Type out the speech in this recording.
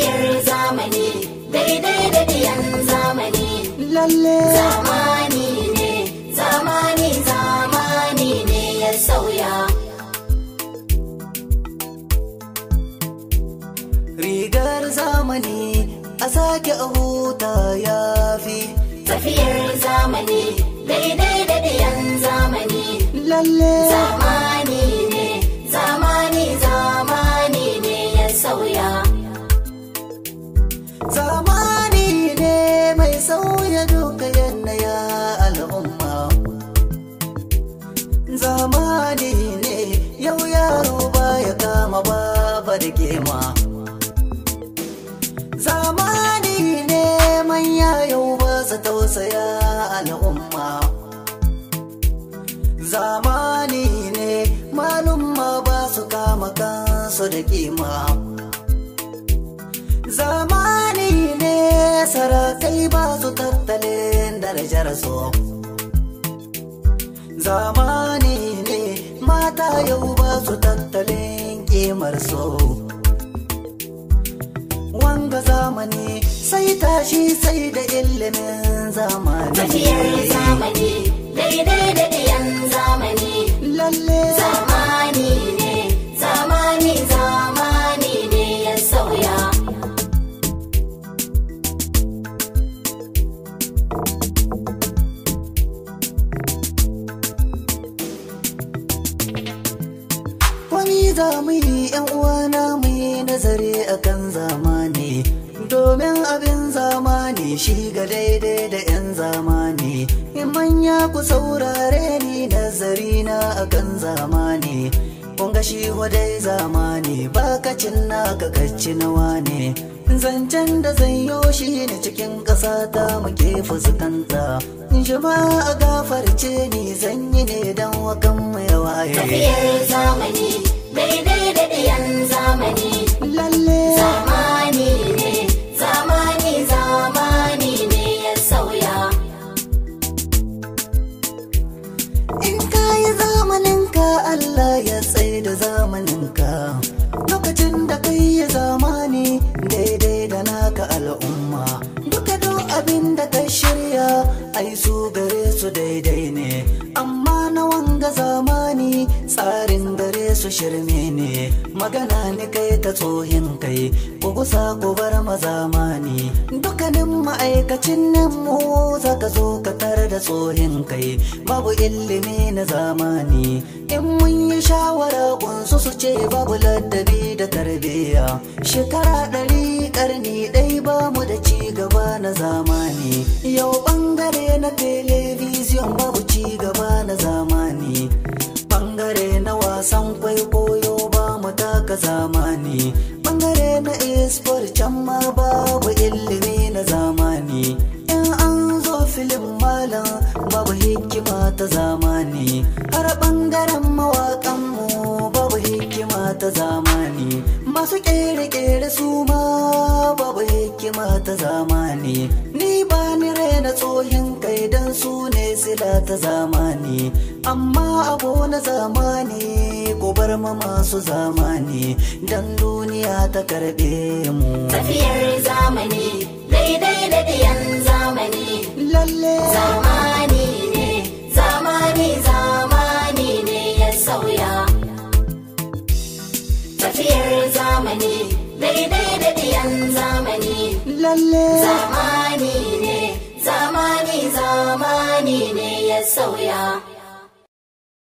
bibiyar zamani daidai da diyan zamani lalle zamani ne zamani zamani ne ya sauya rigar zamani a sake huta ya fi tafiyar zamani daidai da diyan zamani lalle zamani zamani ne yau yaro ba ya kama baba da gema zamani ne manya yau ba su tausaya al'umma zamani ne malumma ba su kama kansu da kima zamani ne sarakai ba su tattalin darajar su zamani ne mata yau ba su tattalin ƙimar so wanga zamani sai tashi sai da ilimin zamani za mu yi yan uwana mu yi nazari akan zamani domin abin zamani shi ga daidai da yan zamani in manya ku saurare ni nazari na akan zamani kun ga shi dai zamani bakacin na kakacci nawa ne zancen da zanyo shi ne cikin ƙasa ta muke fuskanta shi ma a gafarce ni zanyi ne don wakan mai waye tafiyar zamani daidai da ɗiyan zamani lalle zamani ne zamani zamani ne ya sauya in ka yi zamaninka Allah ya tsaye da zamaninka lokacin da kai yi zamani daidai da naka al'umma duka duk abin da ka shirya ai su gare su daidai ne amma ga zamani tsarin dare su shirme ne magana ni kai ta tsohin kai ku gusa ku bar mazamani dukkanin ma'aikacin nan mu za ka zo ka tare da tsohin kai babu ilimi na zamani in mun yi shawara kunsu su ce babu ladabi da tarbiyya shekara ɗari ƙarni ɗai ba mu da wasan kwaikwayo ba mu taka zamani bangare na ispor can ma babu ilimi na zamani in an zo filin malam babu hikima ta zamani har bangaren mawaƙanmu babu hikima ta zamani masu ƙere-ƙere su ma babu hikima ta zamani su ne sila ta zamani amma abu na zamani ku bar ma masu zamani dan duniya ta karɓe mu tafiyar zamani daidai da diyan zamani lalle zamani ne zamani zamani ne ya sauya tafiyar zamani daidai da diyan zamani lalle zamani ne zamani zamani ne ya sauya